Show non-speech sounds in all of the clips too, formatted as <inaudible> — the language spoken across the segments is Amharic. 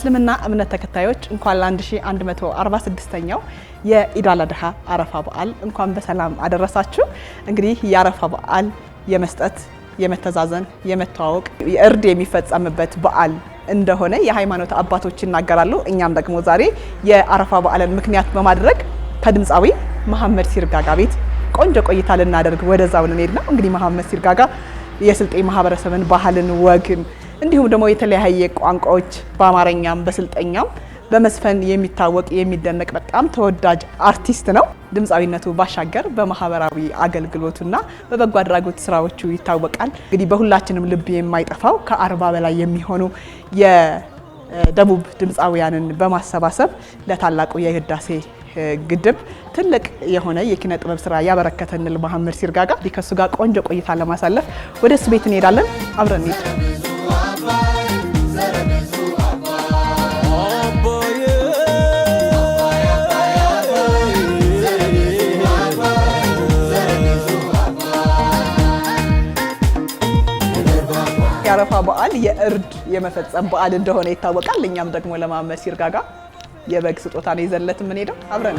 የእስልምና እምነት ተከታዮች እንኳን ለ1146ኛው የኢዳል አድሃ አረፋ በዓል እንኳን በሰላም አደረሳችሁ። እንግዲህ የአረፋ በዓል የመስጠት፣ የመተዛዘን፣ የመተዋወቅ፣ እርድ የሚፈጸምበት በዓል እንደሆነ የሃይማኖት አባቶች ይናገራሉ። እኛም ደግሞ ዛሬ የአረፋ በዓልን ምክንያት በማድረግ ከድምፃዊ መሐመድ ሲርጋጋ ቤት ቆንጆ ቆይታ ልናደርግ ወደዛው እንሄድ ነው። እንግዲህ መሐመድ ሲርጋጋ የስልጤ ማህበረሰብን ባህልን፣ ወግን እንዲሁም ደግሞ የተለያየ ቋንቋዎች በአማርኛም በስልጠኛም በመስፈን የሚታወቅ የሚደነቅ በጣም ተወዳጅ አርቲስት ነው። ድምፃዊነቱ ባሻገር በማህበራዊ አገልግሎቱና በበጎ አድራጎት ስራዎቹ ይታወቃል። እንግዲህ በሁላችንም ልብ የማይጠፋው ከአርባ በላይ የሚሆኑ የደቡብ ድምፃውያንን በማሰባሰብ ለታላቁ የህዳሴ ግድብ ትልቅ የሆነ የኪነ ጥበብ ስራ ያበረከተንል መሀመድ ሲርጋጋ ከሱ ጋር ቆንጆ ቆይታ ለማሳለፍ ወደ እሱ ቤት እንሄዳለን። አብረን በዓል የእርድ የመፈጸም በዓል እንደሆነ ይታወቃል። እኛም ደግሞ ለማመስ ይርጋጋ የበግ ስጦታ ነው ይዘንለት የምንሄደው አብረን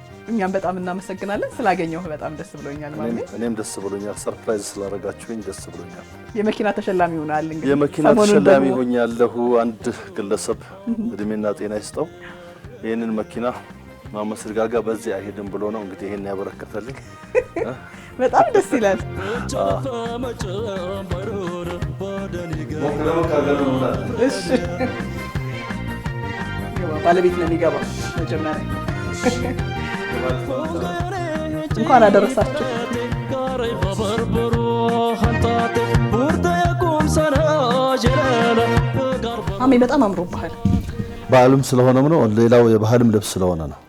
እኛም በጣም እናመሰግናለን። ስላገኘው በጣም ደስ ብሎኛል። እኔም ደስ ብሎኛል። ሰርፕራይዝ ስላደረጋችሁኝ ደስ ብሎኛል። የመኪና ተሸላሚ ሆናል። እንግዲህ የመኪና ተሸላሚ ሆኛለሁ። አንድ ግለሰብ እድሜና ጤና ይስጠው ይህንን መኪና ማመስል ጋጋ በዚህ አይሄድም ብሎ ነው እንግዲህ ይህን ያበረከተልኝ። <laughs> በጣም ደስ ይላል። ባለቤት ነው የሚገባው መጀመሪያ እንኳን አደረሳችሁ። አሜ በጣም አምሮ ባህል በዓሉም ስለሆነም ነው፣ ሌላው የባህልም ልብስ ስለሆነ ነው።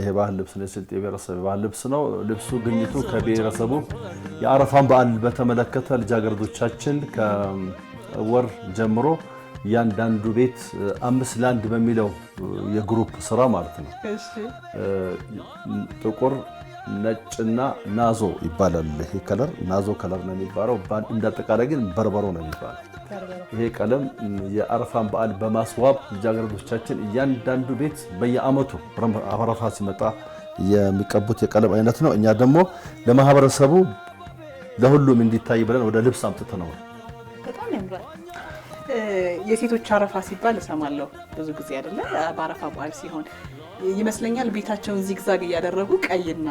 ይሄ ባህል ልብስ ነው። ለስልጤ ብሔረሰብ ባህል ልብስ ነው። ልብሱ ግኝቱ ከብሔረሰቡ የአረፋን በዓል በተመለከተ ልጃገረዶቻችን ከወር ጀምሮ እያንዳንዱ ቤት አምስት ለአንድ በሚለው የግሩፕ ስራ ማለት ነው። ጥቁር ነጭና ናዞ ይባላል። ይሄ ከለር ናዞ ከለር ነው የሚባለው። እንዳጠቃላይ ግን በርበሮ ነው የሚባለው። ይሄ ቀለም የአረፋን በዓል በማስዋብ ልጃገረዶቻችን እያንዳንዱ ቤት በየአመቱ አረፋ ሲመጣ የሚቀቡት የቀለም አይነት ነው። እኛ ደግሞ ለማህበረሰቡ ለሁሉም እንዲታይ ብለን ወደ ልብስ አምጥተነዋል። የሴቶች አረፋ ሲባል እሰማለሁ ብዙ ጊዜ አይደለ? በአረፋ በዓል ሲሆን ይመስለኛል ቤታቸውን ዚግዛግ እያደረጉ ቀይና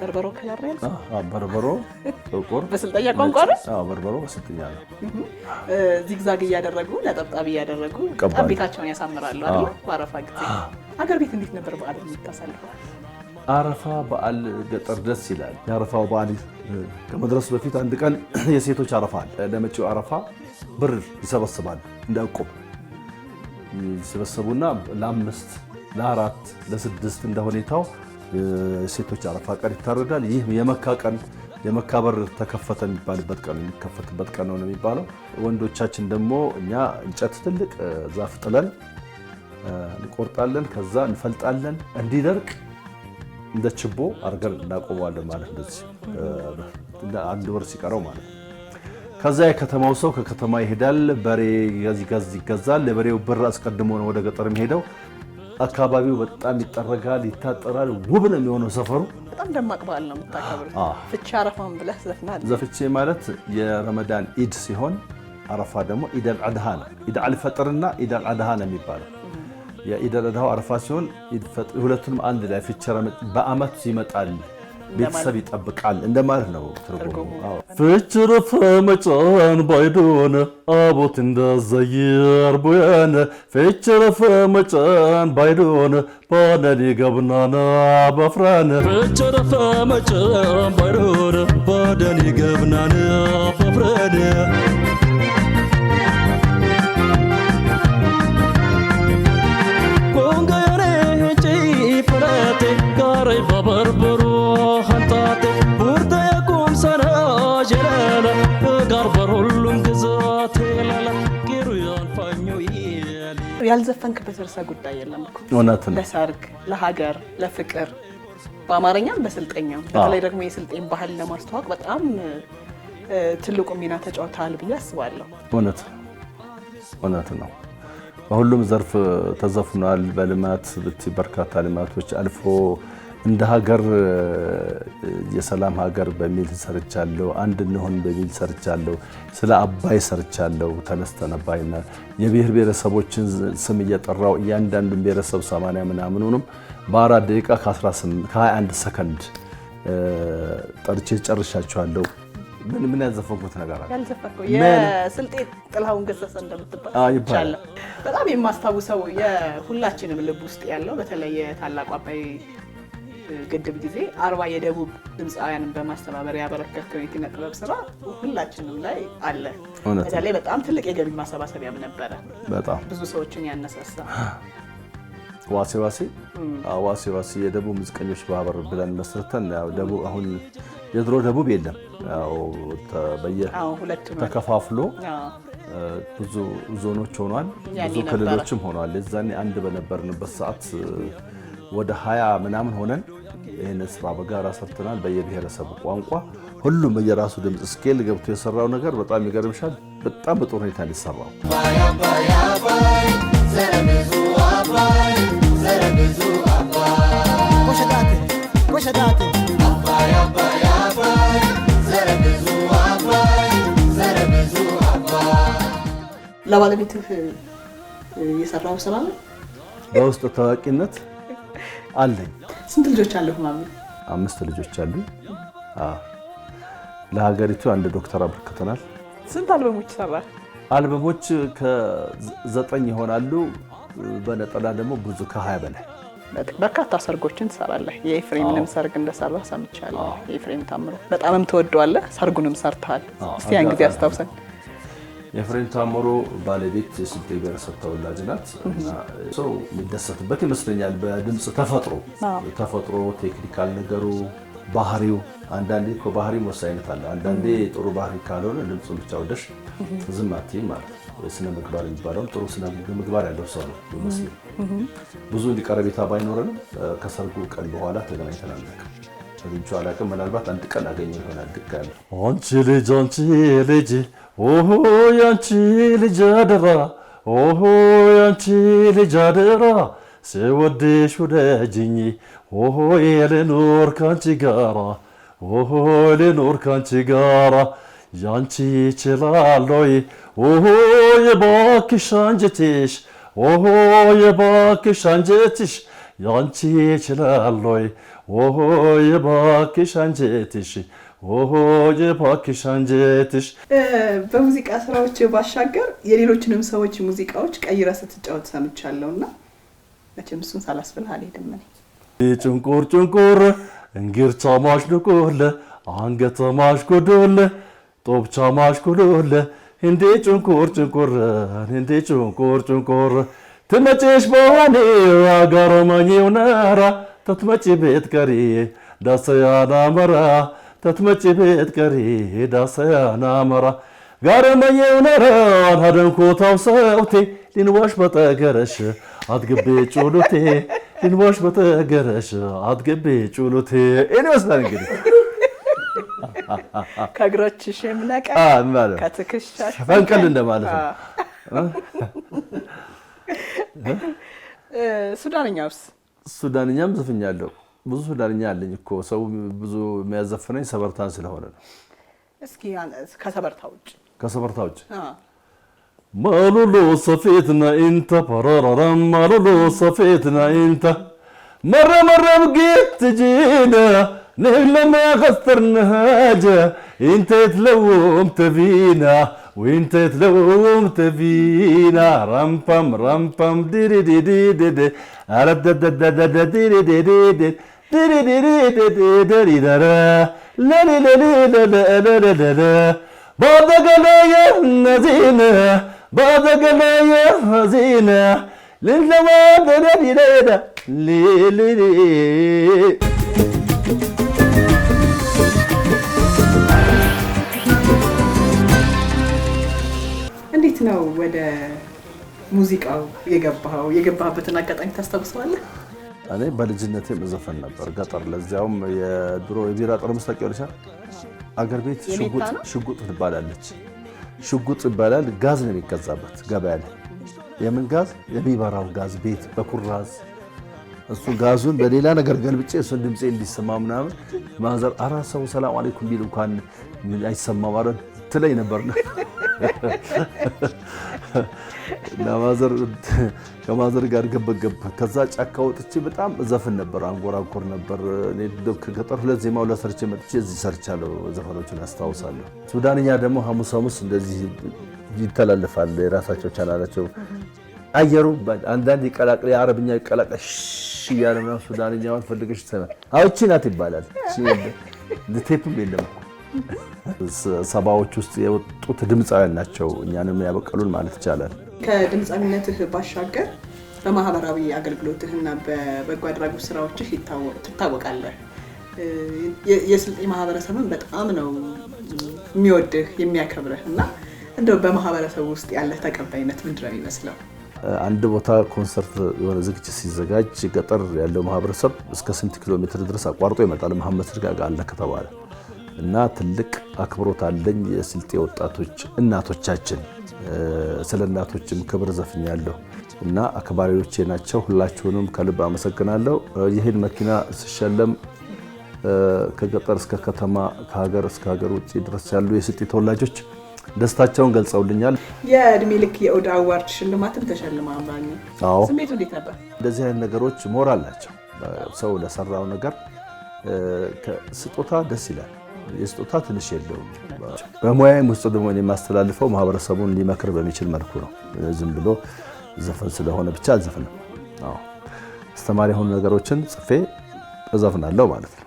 በርበሮ ከለር ያልኩት በርበሮ ጥቁር በስልጠኛ ቋንቋ ነው። በርበሮ በስልጠኛ ነው። ዚግዛግ እያደረጉ ነጠብጣብ እያደረጉ በጣም ቤታቸውን ያሳምራሉ አይደል? በአረፋ ጊዜ አገር ቤት እንዴት ነበር በዓል የምታሳልፈው? አረፋ በዓል ገጠር ደስ ይላል። የአረፋው በዓል ከመድረሱ በፊት አንድ ቀን የሴቶች አረፋ አለ። ለመጪው አረፋ ብር ይሰበስባል እንዳቆም ይሰበሰቡና ለአምስት ለአራት ለስድስት እንደ ሁኔታው ሴቶች አረፋ ቀን ይታረዳል። ይህ የመካ ቀን የመካ በር ተከፈተ የሚባልበት ቀን የሚከፈትበት ቀን ነው የሚባለው። ወንዶቻችን ደግሞ እኛ እንጨት ትልቅ ዛፍ ጥለን እንቆርጣለን፣ ከዛ እንፈልጣለን እንዲደርቅ እንደ ችቦ አድርገን እናቆመዋለን ማለት እንደዚህ አንድ ወር ሲቀረው ማለት ነው። ከዛ የከተማው ሰው ከከተማ ይሄዳል። በሬ ጋዝ ይገዛል። ለበሬው ብር አስቀድሞ ነው ወደ ገጠር የሚሄደው። አካባቢው በጣም ይጠረጋል፣ ይታጠራል። ውብ ነው የሚሆነው ሰፈሩ። በጣም ደማቅ በዓል ነው የምታከብረው። ፍቼ አረፋን ብለህ ዘፍናል። ዘፍቼ ማለት የረመዳን ኢድ ሲሆን አረፋ ደግሞ ኢድ አልአድሃ ነው። ኢድ አልፈጥርና ኢድ አልአድሃ ነው የሚባለው። የኢድ አልአድሃው አረፋ ሲሆን ሁለቱንም አንድ ላይ ፍቼ በአመት ይመጣል። ቤተሰብ ይጠብቃል እንደማለት ነው ትርጉሙ። ፍችርፍ መጫን ባይዶን አቦት እንዳዘይር ቡያን ፍችርፍ መጫን ባይዶን ባነዲ ገብናና በፍራን ፍችርፍ መጫን ባይዶን ባደኒ ገብናና በፍራነ ያልዘፈንክበት ርዕሰ ጉዳይ የለም እኮ እውነት ነው። ለሰርግ፣ ለሀገር፣ ለፍቅር በአማርኛም በስልጠኛም በተለይ ደግሞ የስልጤን ባህል ለማስተዋወቅ በጣም ትልቁ ሚና ተጫውተሃል ብዬ አስባለሁ። እውነት እውነት ነው። በሁሉም ዘርፍ ተዘፍኗል። በልማት ብት በርካታ ልማቶች አልፎ እንደ ሀገር የሰላም ሀገር በሚል ሰርቻለሁ። አንድ እንሆን በሚል ሰርቻለሁ። ስለ አባይ ሰርቻለሁ። ተነስተን አባይና የብሔር ብሔረሰቦችን ስም እየጠራው እያንዳንዱን ብሔረሰብ 80 ምናምኑንም በአራት ደቂቃ ከ21 ሰከንድ ጠርቼ ጨርሻቸዋለሁ። ምን ምን ያዘፈኩት ነገር አለ? የስልጤ ጥላሁን ገሰሰ እንደምትባል በጣም የማስታውሰው የሁላችንም ልብ ውስጥ ያለው በተለይ የታላቁ አባይ ግድብ ጊዜ አርባ የደቡብ ድምፃውያንን በማስተባበር ያበረከትከው የኪነ ጥበብ ስራ ሁላችንም ላይ አለ። ላይ በጣም ትልቅ የገቢ ማሰባሰቢያም ነበረ። በጣም ብዙ ሰዎችን ያነሳሳ <gasps> ዋሴ ዋሴ ዋሴ ዋሴ የደቡብ ሙዚቀኞች ማህበር ብለን መስርተን ደቡብ አሁን የድሮ ደቡብ የለም ተከፋፍሎ ብዙ ዞኖች ሆኗል፣ ብዙ ክልሎችም ሆኗል። የዛኔ አንድ በነበርንበት ሰዓት ወደ ሀያ ምናምን ሆነን ይህንን ስራ በጋራ ሰርተናል። በየብሔረሰቡ ቋንቋ ሁሉም በየራሱ ድምፅ ስኬል ገብቶ የሰራው ነገር በጣም ይገርምሻል። በጣም በጥሩ ሁኔታ ሊሰራው ለባለቤትህ የሰራው ስራ ነው በውስጥ ታዋቂነት አለኝ ስንት ልጆች አለሁ? ማሚ አምስት ልጆች አሉ። ለሀገሪቱ አንድ ዶክተር አበርክተናል። ስንት አልበሞች ሰራ? አልበሞች ከዘጠኝ ይሆናሉ። በነጠላ ደግሞ ብዙ ከሀያ በላይ በርካታ ሰርጎችን ትሰራለህ። የኤፍሬምንም ሰርግ እንደሰራ ሰምቻለሁ። የኤፍሬም ታምሮ በጣምም ትወደዋለህ። ሰርጉንም ሰርተሃል። እስቲ ያን ጊዜ አስታውሰን። የፍሬን ታምሮ ባለቤት የስልጤ ብሔረሰብ ተወላጅ ናት እና ሰው የሚደሰትበት ይመስለኛል። በድምፅ ተፈጥሮ ተፈጥሮ ቴክኒካል ነገሩ ባህሪው አንዳንዴ እኮ ባህሪ መወሰድ አይነት አለ። አንዳንዴ ጥሩ ባህሪ ካልሆነ ድምፁ ብቻ ወደሽ ዝም አትይም ማለት ስነ ምግባር የሚባለውም ጥሩ ስነ ምግባር ያለው ሰው ነው ይመስለኝ። ብዙ ቀረቤታ ባይኖረንም ከሰርጉ ቀን በኋላ ተገናኝተን አናውቅም። አላውቅም፣ ምናልባት አንድ ቀን አገኘ ይሆናል። ድቅ ያለ አንቺ ልጅ አንቺ ልጅ Oho yanchi lijadara Oho yanchi lijadara Sevadesh vurajini Oho Elinor kanchigara Oho Elinor kanchigara Yanchi çilalloy Oho yebaki şancetiş Oho yebaki şancetiş Yanchi çilalloy Oho yebaki şancetiş ሆሆ እባክሽ አንጀትሽ። በሙዚቃ ስራዎች ባሻገር የሌሎችንም ሰዎች ሙዚቃዎች ቀይረ ስትጫወት ሰምቻለሁ እና መቼም እሱን ሳላስብልህ አልሄድም። ጭንቁር ጭንቁር ጭንቁር እንግርቻ ማሽልቁል አንገተ ጦብ ቻማሽ ማሽኮዶል እንዴ ጭንቁር ጭንቁር እንዴ ጭንቁር ጭንቁር ትመጭሽ በሆኔ አጋሮማኝ ነራ ተትመጪ ቤት ቀሪ ዳሰያና መራ ተትመጪ ቤት ቀሪ ዳሰያና መራ ጋረመዬው ነረዋን ሀደንኮታው ሰውቴ ሊንዋሽ በጠገረሽ አትግቤ ጩሉቴ ሊንዋሽ በጠገረሽ አትግቤ ጩሉቴ እኔ ይመስላል እንግዲህ ከእግሮችሽ የምነቀ ከትከሻሽ ፈንቅል እንደማለት ነው። ሱዳንኛውስ ሱዳንኛም ዝፍኛለሁ ብዙ ሱዳንኛ አለኝ እኮ ሰው ብዙ የሚያዘፍነኝ ሰበርታን ስለሆነ ነው። እስኪ ከሰበርታ ውጭ ከሰበርታ ውጭ ማሉሎ ሰፌትና ኢንተ ፓራራራ ማሉሎ ሰፌትና ኢንተ መረ መረም ጌት ጂነ ንህለማ ከስተርነ ሀጀ ኢንተ የትለውም ተፊና ወኢንተ የትለውም ተፊና ራምፓም ራምፓም ዲሪዲዲዲድ አረደደደደደ ዲሪዲዲድ በአጠቃላይ ዜና በአጠቃላይ ዜና ልንለማደረቢለዳ እንዴት ነው ወደ ሙዚቃው የገባኸው? የገባህበትን አጋጣሚ ታስታውሰዋለህ? እኔ በልጅነት መዘፈን ነበር ገጠር፣ ለዚያውም የድሮ የቢራ ጠርሙስ ታውቂያለሽ። አገር ቤት ሽጉጥ ትባላለች። ሽጉጥ ይባላል። ጋዝ ነው የሚገዛበት ገበያ ላይ። የምን ጋዝ? የሚበራው ጋዝ ቤት በኩራዝ እሱ ጋዙን በሌላ ነገር ገልብጬ እሱን ድምፄ እንዲሰማ ምናምን ማዘር አራ ሰው ሰላም አለይኩም ቢል እንኳን አይሰማም ትለኝ ነበር። ነው ከማዘር ጋር ገበገብ። ከዛ ጫካ ወጥቼ በጣም ዘፍን ነበር፣ አንጎራንኮር ነበር። ከጠር ሁለት ዜማ ሁለት ሰርቼ መጥቼ እዚህ ሰርቻለሁ። ዘፈኖችን አስታውሳለሁ። ሱዳንኛ ደግሞ ሐሙስ ሐሙስ እንደዚህ ይተላልፋል። የራሳቸው ቻናላቸው አየሩ አንዳንድ ይቀላቅል የአረብኛ ይቀላቅል እያለ ሱዳንኛውን ፈልገሽ ትሰማ አዎቺ ናት ይባላል። ቴፕም የለም ሰባዎች ውስጥ የወጡት ድምፃውያን ናቸው እኛንም ያበቀሉን ማለት ይቻላል። ከድምፃዊነትህ ባሻገር በማህበራዊ አገልግሎትህና በበጎ አድራጎት ስራዎችህ ትታወቃለህ። የስልጤ ማህበረሰብን በጣም ነው የሚወድህ የሚያከብርህ እና እንደው በማህበረሰቡ ውስጥ ያለህ ተቀባይነት ምንድን ነው የሚመስለው? አንድ ቦታ ኮንሰርት የሆነ ዝግጅት ሲዘጋጅ ገጠር ያለው ማህበረሰብ እስከ ስንት ኪሎ ሜትር ድረስ አቋርጦ ይመጣል መሐመድ ስድጋጋ አለ ከተባለ እና ትልቅ አክብሮት አለኝ። የስልጤ ወጣቶች እናቶቻችን፣ ስለ እናቶችም ክብር ዘፍኛለሁ እና አክባሪዎቼ ናቸው። ሁላችሁንም ከልብ አመሰግናለሁ። ይህን መኪና ስሸለም ከገጠር እስከ ከተማ ከሀገር እስከ ሀገር ውጭ ድረስ ያሉ የስልጤ ተወላጆች ደስታቸውን ገልጸውልኛል። የእድሜ ልክ የኦዳ አዋርድ ሽልማትም ተሸልማ ስሜቱ እንዴት ነበር? እንደዚህ አይነት ነገሮች ሞራል ናቸው። ሰው ለሰራው ነገር ስጦታ ደስ ይላል። የስጦታ ትንሽ የለውም። በሙያዬም ውስጥ ደግሞ የማስተላልፈው ማህበረሰቡን ሊመክር በሚችል መልኩ ነው። ዝም ብሎ ዘፈን ስለሆነ ብቻ አልዘፍንም። አስተማሪ የሆኑ ነገሮችን ጽፌ እዘፍናለሁ ማለት ነው።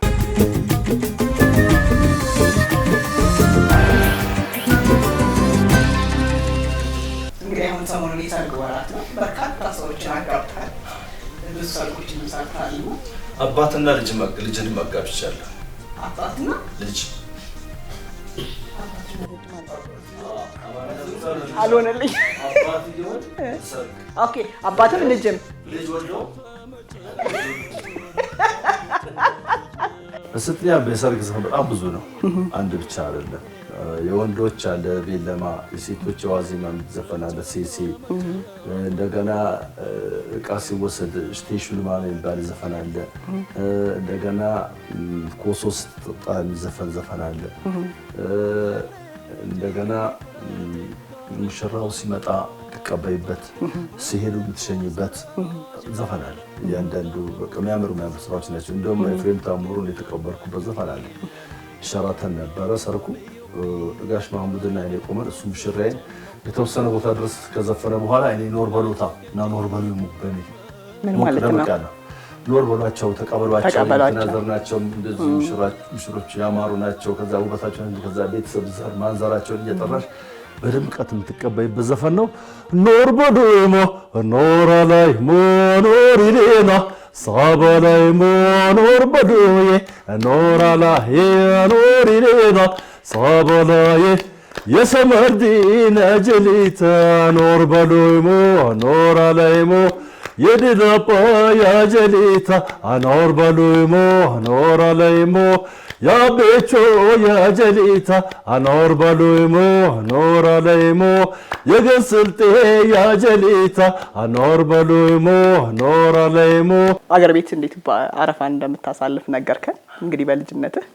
እንግዲህ አሁን ሰሞኑን የሰርግ ወራት በርካታ ሰዎችን አጋብታል፣ ብዙ ሰርጎችን አባትና ልጅን መጋብቻለሁ አባትና ልጅ አልሆነልኝ። ኦኬ አባትም ልጅም ስትያ በሰርግ ስም በጣም ብዙ ነው፣ አንድ ብቻ አይደለም። የወንዶች አለ ቤለማ፣ የሴቶች ዋዜማ የሚዘፈን አለ ሴሲ። እንደገና እቃ ሲወሰድ ስቴሽን ማ የሚባል ዘፈን አለ። እንደገና ኮሶ ስትጠጣ የሚዘፈን ዘፈን አለ። እንደገና ሙሽራው ሲመጣ ትቀበይበት ሲሄዱ የምትሸኝበት ዘፈን አለ። እያንዳንዱ የሚያምሩ የሚያምሩ ስራዎች ናቸው። እንደውም ፍሬም ታምሩን የተቀበልኩበት ዘፈን አለ። ሸራተን ነበረ ሰርኩ እጋሽ ጋሽ ማህሙድና እኔ ቆመን እሱ ሽሬን የተወሰነ ቦታ ድረስ ከዘፈነ በኋላ እኔ ኖር በሎታ እና ኖር በሉ ሙበኒ ኖር በሏቸው፣ ተቀበሏቸው፣ ተናዘር ናቸው፣ እንደዚሁ ምሽሮች ያማሩ ናቸው። ከዛ ውበታቸው ከዛ ቤተሰብ ዘር ማንዘራቸውን እየጠራሽ በድምቀት የምትቀበይበት ዘፈን ነው። ኖር በዶሞ ኖራ ላይ ሞኖር ይሌና ሳባ ላይ ሞኖር በዶዬ ኖራ ላይ ኖር ይሌና ጸበላዬ የሰመርዲ ነጀሊተ ኖር በሎይሞ ኖር አለይሞ የድዳባ ያጀሊታ አኖር በሎይሞ ኖር አለይሞ ያቤቾ ያጀሊታ አኖር በሎይሞ ኖር አለይሞ የገስልጤ ያጀሊታ አኖር በሎይሞ ኖር አለይሞ አገር ቤት እንዴት አረፋ እንደምታሳልፍ ነገርከን። እንግዲህ በልጅነትህ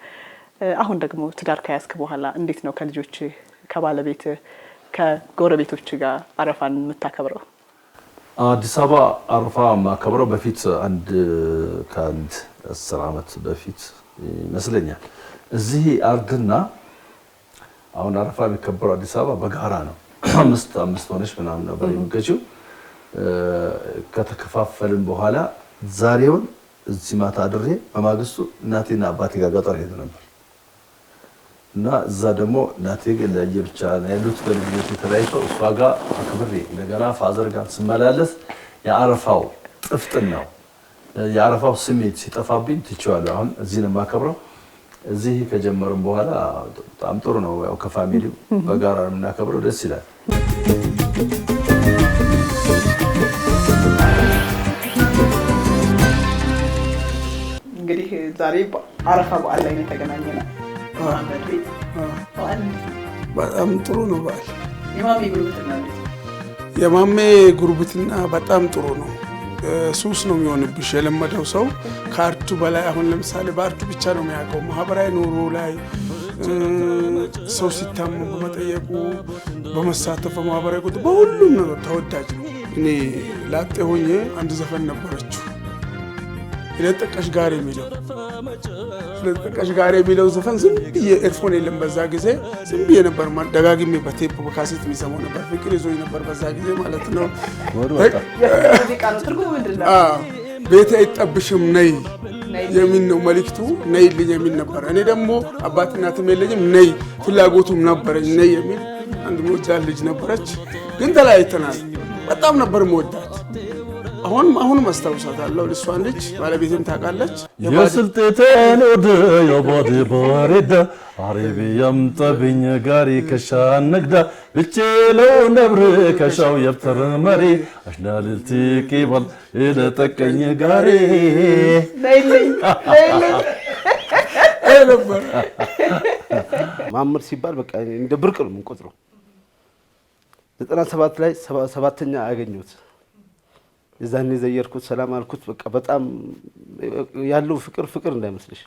አሁን ደግሞ ትዳር ከያዝክ በኋላ እንዴት ነው ከልጆች ከባለቤት ከጎረቤቶች ጋር አረፋን የምታከብረው? አዲስ አበባ አረፋ ማከብረው በፊት አንድ ከአንድ አስር ዓመት በፊት ይመስለኛል እዚህ አርድና አሁን አረፋ የሚከበረው አዲስ አበባ በጋራ ነው። <clears throat> አምስት አምስት ሆነች ምናምን ነበር የሚገችው። ከተከፋፈልን በኋላ ዛሬውን እዚህ ማታ አድሬ በማግስቱ እናቴና አባቴ ጋር ገጠር ሄድ ነበር እና እዛ ደግሞ እናቴ ግን ለየብቻ ያሉት በልጅነት የተለያይቶ እሷ ጋር አክብሬ እንደገና ፋዘር ጋር ስመላለስ የአረፋው ጥፍጥን ነው የአረፋው ስሜት ሲጠፋብኝ ትቼዋለሁ። አሁን እዚህ ነው የማከብረው። እዚህ ከጀመርም በኋላ በጣም ጥሩ ነው። ያው ከፋሚሊ በጋራ ነው የምናከብረው። ደስ ይላል። እንግዲህ ዛሬ አረፋ በዓል ላይ የተገናኘ ነው በጣም ጥሩ ነው። በዓል የማሜ ጉርብትና በጣም ጥሩ ነው። ሱስ ነው የሚሆንብሽ። የለመደው ሰው ከአርቱ በላይ አሁን ለምሳሌ በአርቱ ብቻ ነው የሚያውቀው። ማህበራዊ ኑሮ ላይ ሰው ሲታመም በመጠየቁ በመሳተፍ በማህበራዊ በሁሉም ነገር ተወዳጅ ነው። እኔ ላጤ ሆኜ አንድ ዘፈን ነበረችው ስለተጠቃሽ ጋር የሚለው ስለተጠቃሽ ጋር የሚለው ዘፈን ዝም ብዬ ኤርፎን የለም በዛ ጊዜ ዝም ብዬ ነበር ደጋግሜ በቴፕ በካሴት የሚሰማው ነበር። ፍቅር ይዞኝ ነበር በዛ ጊዜ ማለት ነው። ቤቴ አይጠብሽም ነይ የሚል ነው መልእክቱ። ልኝ የሚል ነበር። እኔ ደግሞ አባትናትም የለኝም፣ ነይ ፍላጎቱም ነበረኝ ነይ የሚል አንድ ሞጃ ልጅ ነበረች፣ ግን ተለያይተናል። በጣም ነበር መወዳት አሁንም አሁንም አስታውሳታለሁ። ልሷን ልጅ ባለቤቴም ታውቃለች። የስልጤቴን ወደ የባዲ ባሬዳ አሬቢያም የምጠብኝ ጋሪ ከሻ ነግዳ ብቼለው ነብር ከሻው የብተር መሪ አሽዳልልቲ ቂበል የለጠቀኝ ጋሪ <laughs> ማምር ሲባል በቃ እንደ ብርቅ ነው የምንቆጥረው። ዘጠና ሰባት ላይ ሰባተኛ አገኘሁት። እዛን የዘየርኩት ሰላም አልኩት። በቃ በጣም ያለው ፍቅር ፍቅር እንዳይመስልሽ።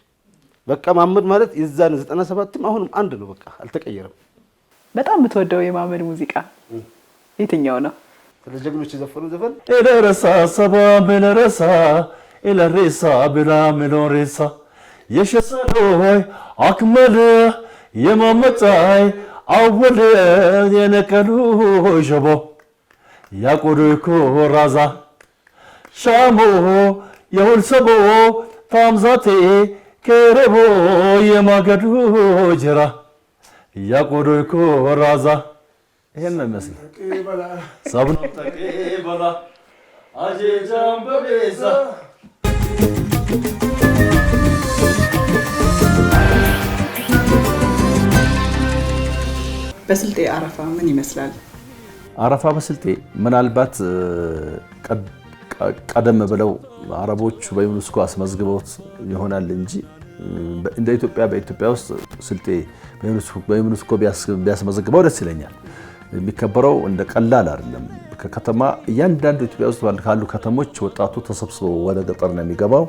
በቃ ማመድ ማለት የዛን ዘጠና ሰባትም አሁንም አንድ ነው። በቃ አልተቀየረም። በጣም የምትወደው የማመድ ሙዚቃ የትኛው ነው? ስለ ጀግኖች የዘፈኑ ዘፈን ኤለረሳ ሰባ ምለረሳ ኤለሬሳ ብላ ምሎሬሳ የሸሰሎይ አክመል የማመጣይ አወል የነቀሉ ሸቦ ያቆዶይኮ ራዛ ሻሞሆ የሁልሰቦ ፋምዛቴ ኬረቦ የማገዱ ጅራ ያቆዶይኮ ራዛ ይሄን ነው የሚመስለው። ሰብኖ ተቄበላ አጀጃም በቤዛ በስልጤ አረፋ ምን ይመስላል? አረፋ በስልጤ ምናልባት ቀደም ብለው አረቦቹ በዩኒስኮ አስመዝግበውት ይሆናል እንጂ እንደ ኢትዮጵያ በኢትዮጵያ ውስጥ ስልጤ በዩኒስኮ ቢያስመዘግበው ደስ ይለኛል። የሚከበረው እንደ ቀላል አይደለም። ከከተማ እያንዳንዱ ኢትዮጵያ ውስጥ ካሉ ከተሞች ወጣቱ ተሰብስቦ ወደ ገጠር ነው የሚገባው።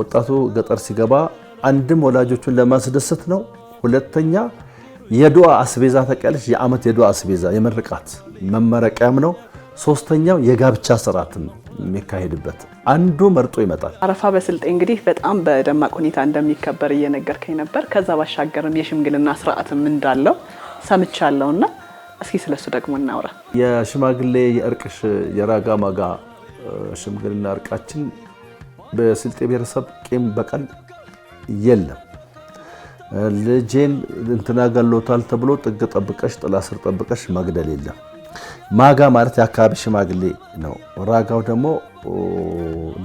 ወጣቱ ገጠር ሲገባ አንድም ወላጆቹን ለማስደሰት ነው። ሁለተኛ የዱዓ አስቤዛ ተቀያለች። የዓመት የዱዓ አስቤዛ የመርቃት መመረቂያም ነው። ሶስተኛው የጋብቻ ስርዓት የሚካሄድበት አንዱ መርጦ ይመጣል። አረፋ በስልጤ እንግዲህ በጣም በደማቅ ሁኔታ እንደሚከበር እየነገርከኝ ነበር። ከዛ ባሻገርም የሽምግልና ስርዓትም እንዳለው ሰምቻለሁ እና እስኪ ስለሱ ደግሞ እናውራ። የሽማግሌ የእርቅሽ የራጋ ማጋ ሽምግልና እርቃችን በስልጤ ብሔረሰብ ቂም በቀል የለም። ልጄን እንትና ገሎታል ተብሎ ጥግ ጠብቀሽ ጥላ ስር ጠብቀሽ መግደል የለም። ማጋ ማለት የአካባቢ ሽማግሌ ነው። ራጋው ደግሞ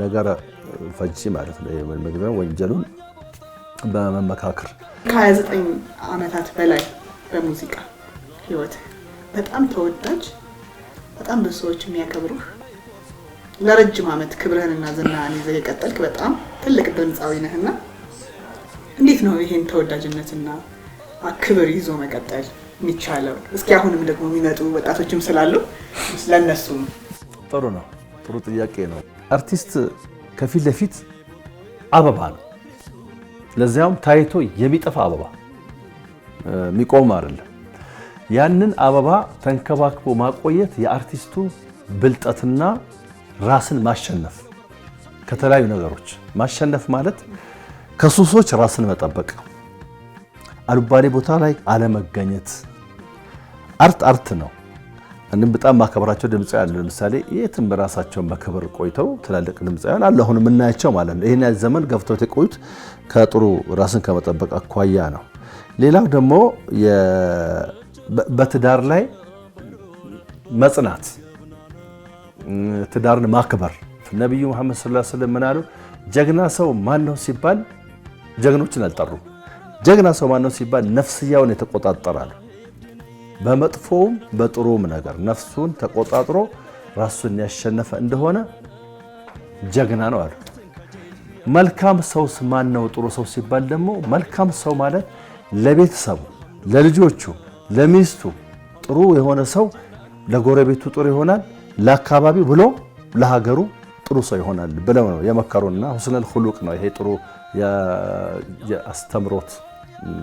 ነገር ፈጂ ማለት ነው። ወንጀሉን በመመካከር ከ29 ዓመታት በላይ በሙዚቃ ህይወት በጣም ተወዳጅ፣ በጣም ብዙ ሰዎች የሚያከብሩህ ለረጅም ዓመት ክብርህንና ዝናህን ይዘህ የቀጠልክ በጣም ትልቅ ድምፃዊ ነህና እንዴት ነው ይሄን ተወዳጅነትና ክብር ይዞ መቀጠል የሚቻለው እስኪ አሁንም ደግሞ የሚመጡ ወጣቶችም ስላሉ ስለነሱም ጥሩ ነው። ጥሩ ጥያቄ ነው። አርቲስት ከፊት ለፊት አበባ ነው። ለዚያውም ታይቶ የሚጠፋ አበባ የሚቆም አይደለም። ያንን አበባ ተንከባክቦ ማቆየት የአርቲስቱ ብልጠትና ራስን ማሸነፍ ከተለያዩ ነገሮች ማሸነፍ ማለት ከሱሶች ራስን መጠበቅ፣ አልባሌ ቦታ ላይ አለመገኘት አርት አርት ነው። አንድም በጣም ማከብራቸው ድምፃውያን አሉ። ለምሳሌ የትም በራሳቸውን በክብር ቆይተው ትላልቅ ድምፃውያን አሉ፣ አሁን የምናያቸው ማለት ነው። ይህን ዘመን ገብተው የቆዩት ከጥሩ ራስን ከመጠበቅ አኳያ ነው። ሌላው ደግሞ በትዳር ላይ መጽናት፣ ትዳርን ማክበር። ነቢዩ መሐመድ ሰለላሁ ዐለይሂ ወሰለም ምን አሉ? ጀግና ሰው ማን ነው ሲባል ጀግኖችን አልጠሩም። ጀግና ሰው ማን ነው ሲባል ነፍስያውን የተቆጣጠራል በመጥፎውም በጥሩም ነገር ነፍሱን ተቆጣጥሮ ራሱን ያሸነፈ እንደሆነ ጀግና ነው አሉ። መልካም ሰውስ ማን ነው? ጥሩ ሰው ሲባል ደግሞ መልካም ሰው ማለት ለቤተሰቡ፣ ለልጆቹ፣ ለሚስቱ ጥሩ የሆነ ሰው ለጎረቤቱ ጥሩ ይሆናል፣ ለአካባቢው ብሎ ለሀገሩ ጥሩ ሰው ይሆናል ብለው ነው የመከሩና ሁስነል ሁሉቅ ነው ይሄ ጥሩ የአስተምሮት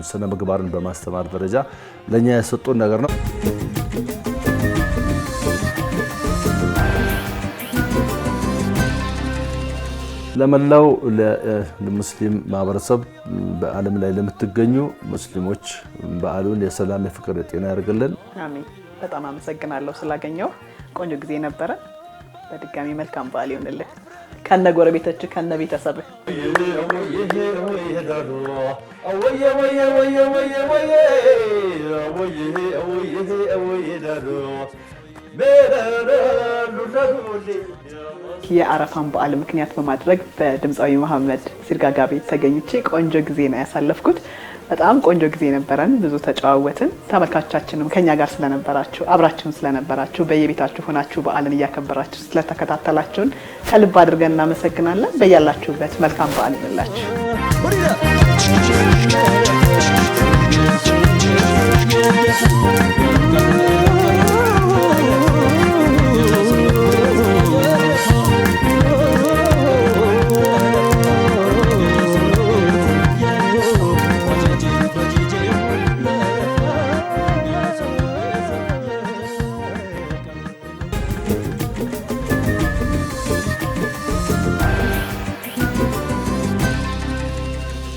ስነ ምግባርን በማስተማር ደረጃ ለእኛ የሰጡን ነገር ነው። ለመላው ለሙስሊም ማህበረሰብ በዓለም ላይ ለምትገኙ ሙስሊሞች በዓሉን የሰላም የፍቅር፣ የጤና ያደርግልን። አሜን። በጣም አመሰግናለሁ ስላገኘው ቆንጆ ጊዜ ነበረ። በድጋሚ መልካም በዓል ይሆንልን። ከነ ጎረቤቶች ከነ ቤተሰብ የአረፋን በዓል ምክንያት በማድረግ በድምፃዊ መሐመድ ሲርጋጋ ቤት ተገኝቼ ቆንጆ ጊዜ ነው ያሳለፍኩት። በጣም ቆንጆ ጊዜ ነበረን። ብዙ ተጨዋወትን። ተመልካቾቻችንም ከኛ ጋር ስለነበራችሁ አብራችሁን ስለነበራችሁ በየቤታችሁ ሆናችሁ በዓልን እያከበራችሁ ስለተከታተላችሁን ከልብ አድርገን እናመሰግናለን። በያላችሁበት መልካም በዓል ይሁንላችሁ።